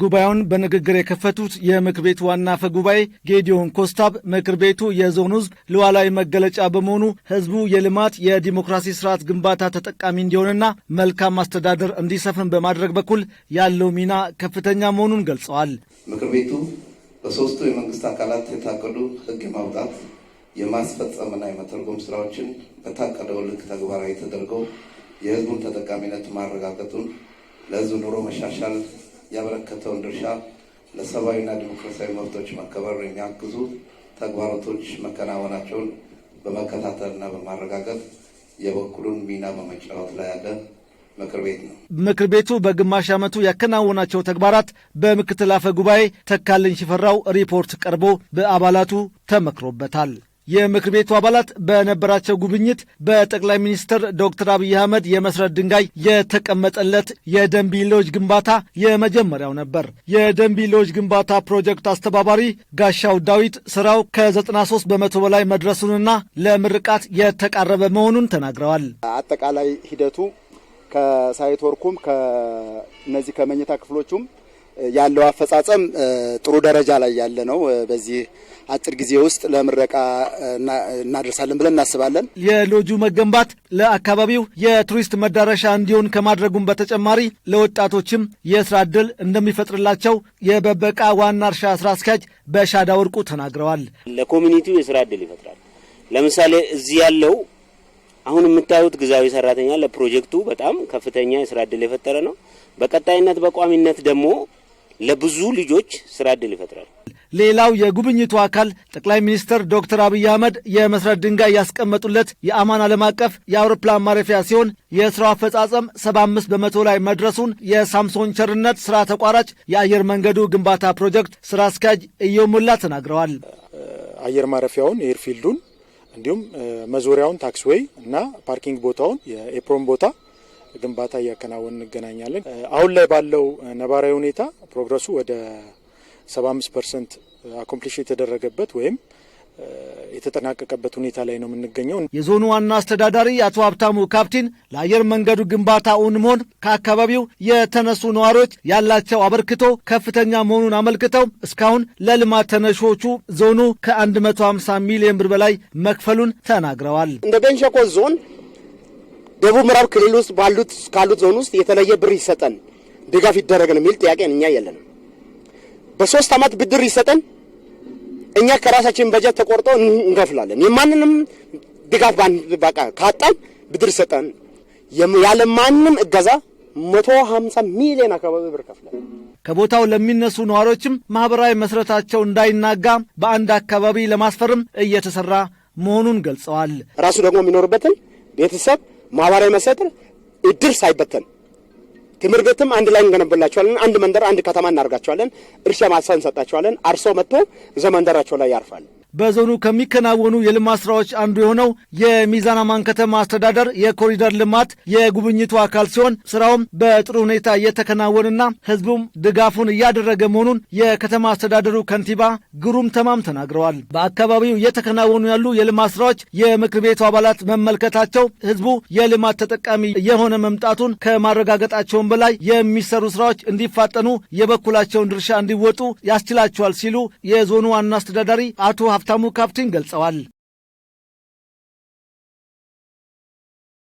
ጉባኤውን በንግግር የከፈቱት የምክር ቤቱ ዋና አፈ ጉባኤ ጌዲዮን ኮስታብ ምክር ቤቱ የዞን ሕዝብ ሉዓላዊ መገለጫ በመሆኑ ሕዝቡ የልማት የዲሞክራሲ ስርዓት ግንባታ ተጠቃሚ እንዲሆንና መልካም አስተዳደር እንዲሰፍን በማድረግ በኩል ያለው ሚና ከፍተኛ መሆኑን ገልጸዋል። ምክር ቤቱ በሶስቱ የመንግስት አካላት የታቀዱ ሕግ የማውጣት የማስፈጸምና የመተርጎም ስራዎችን በታቀደው ልክ ተግባራዊ ተደርገው የሕዝቡን ተጠቃሚነት ማረጋገጡን ለሕዝቡ ኑሮ መሻሻል ያበረከተውን ድርሻ ለሰብአዊና ዲሞክራሲያዊ መብቶች መከበር የሚያግዙ ተግባራቶች መከናወናቸውን በመከታተልና በማረጋገጥ የበኩሉን ሚና በመጫወት ላይ ያለ ምክር ቤት ነው። ምክር ቤቱ በግማሽ ዓመቱ ያከናወናቸው ተግባራት በምክትል አፈ ጉባኤ ተካልኝ ሽፈራው ሪፖርት ቀርቦ በአባላቱ ተመክሮበታል። የምክር ቤቱ አባላት በነበራቸው ጉብኝት በጠቅላይ ሚኒስትር ዶክተር አብይ አህመድ የመስረት ድንጋይ የተቀመጠለት የደንቢ ሎጅ ግንባታ የመጀመሪያው ነበር። የደንቢ ሎጅ ግንባታ ፕሮጀክት አስተባባሪ ጋሻው ዳዊት ስራው ከ93 በመቶ በላይ መድረሱንና ለምርቃት የተቃረበ መሆኑን ተናግረዋል። አጠቃላይ ሂደቱ ከሳይት ወርኩም ከእነዚህ ከመኝታ ክፍሎቹም ያለው አፈጻጸም ጥሩ ደረጃ ላይ ያለ ነው። በዚህ አጭር ጊዜ ውስጥ ለምረቃ እናደርሳለን ብለን እናስባለን። የሎጁ መገንባት ለአካባቢው የቱሪስት መዳረሻ እንዲሆን ከማድረጉም በተጨማሪ ለወጣቶችም የስራ ዕድል እንደሚፈጥርላቸው የበበቃ ዋና እርሻ ስራ አስኪያጅ በሻዳ ወርቁ ተናግረዋል። ለኮሚኒቲው የስራ ዕድል ይፈጥራል። ለምሳሌ እዚህ ያለው አሁን የምታዩት ግዛዊ ሰራተኛ ለፕሮጀክቱ በጣም ከፍተኛ የስራ ዕድል የፈጠረ ነው። በቀጣይነት በቋሚነት ደግሞ ለብዙ ልጆች ስራ እድል ይፈጥራል። ሌላው የጉብኝቱ አካል ጠቅላይ ሚኒስትር ዶክተር አብይ አህመድ የመሰረት ድንጋይ ያስቀመጡለት የአማን ዓለም አቀፍ የአውሮፕላን ማረፊያ ሲሆን የስራው አፈጻጸም 75 በመቶ ላይ መድረሱን የሳምሶን ቸርነት ስራ ተቋራጭ የአየር መንገዱ ግንባታ ፕሮጀክት ስራ አስኪያጅ እየው ሙላ ተናግረዋል። አየር ማረፊያውን ኤርፊልዱን፣ እንዲሁም መዞሪያውን ታክስዌይ እና ፓርኪንግ ቦታውን የኤፕሮን ቦታ ግንባታ እያከናወን እንገናኛለን። አሁን ላይ ባለው ነባራዊ ሁኔታ ፕሮግረሱ ወደ 75 ፐርሰንት አኮምፕሊሽ የተደረገበት ወይም የተጠናቀቀበት ሁኔታ ላይ ነው የምንገኘው። የዞኑ ዋና አስተዳዳሪ አቶ ሀብታሙ ካፕቲን ለአየር መንገዱ ግንባታ እውን መሆን ከአካባቢው የተነሱ ነዋሪዎች ያላቸው አበርክቶ ከፍተኛ መሆኑን አመልክተው እስካሁን ለልማት ተነሾቹ ዞኑ ከ150 ሚሊዮን ብር በላይ መክፈሉን ተናግረዋል። እንደ ቤንሸኮ ዞን ደቡብ ምዕራብ ክልል ውስጥ ባሉት ካሉት ዞን ውስጥ የተለየ ብር ይሰጠን ድጋፍ ይደረገን የሚል ጥያቄ እኛ የለንም። በሶስት ዓመት ብድር ይሰጠን እኛ ከራሳችን በጀት ተቆርጦ እንከፍላለን። የማንንም ድጋፍ በቃ ካጣን ብድር ይሰጠን ያለ ማንም እገዛ መቶ ሀምሳ ሚሊዮን አካባቢ ብር ከፍላል። ከቦታው ለሚነሱ ነዋሪዎችም ማህበራዊ መስረታቸው እንዳይናጋ በአንድ አካባቢ ለማስፈርም እየተሰራ መሆኑን ገልጸዋል። ራሱ ደግሞ የሚኖርበትን ቤተሰብ ማህበራዊ መሰጥር እድር ሳይበተን ትምህርት ቤትም አንድ ላይ እንገነብላቸዋለን። አንድ መንደር አንድ ከተማ እናደርጋቸዋለን። እርሻ ማሳ እንሰጣቸዋለን። አርሶ መጥቶ ዘመንደራቸው ላይ ያርፋል። በዞኑ ከሚከናወኑ የልማት ስራዎች አንዱ የሆነው የሚዛን አማን ከተማ አስተዳደር የኮሪደር ልማት የጉብኝቱ አካል ሲሆን ስራውም በጥሩ ሁኔታ እየተከናወነና ህዝቡም ድጋፉን እያደረገ መሆኑን የከተማ አስተዳደሩ ከንቲባ ግሩም ተማም ተናግረዋል። በአካባቢው እየተከናወኑ ያሉ የልማት ስራዎች የምክር ቤቱ አባላት መመልከታቸው ህዝቡ የልማት ተጠቃሚ የሆነ መምጣቱን ከማረጋገጣቸውን በላይ የሚሰሩ ስራዎች እንዲፋጠኑ የበኩላቸውን ድርሻ እንዲወጡ ያስችላቸዋል ሲሉ የዞኑ ዋና አስተዳዳሪ አቶ ሀብታሙ ካፕቴን ገልጸዋል።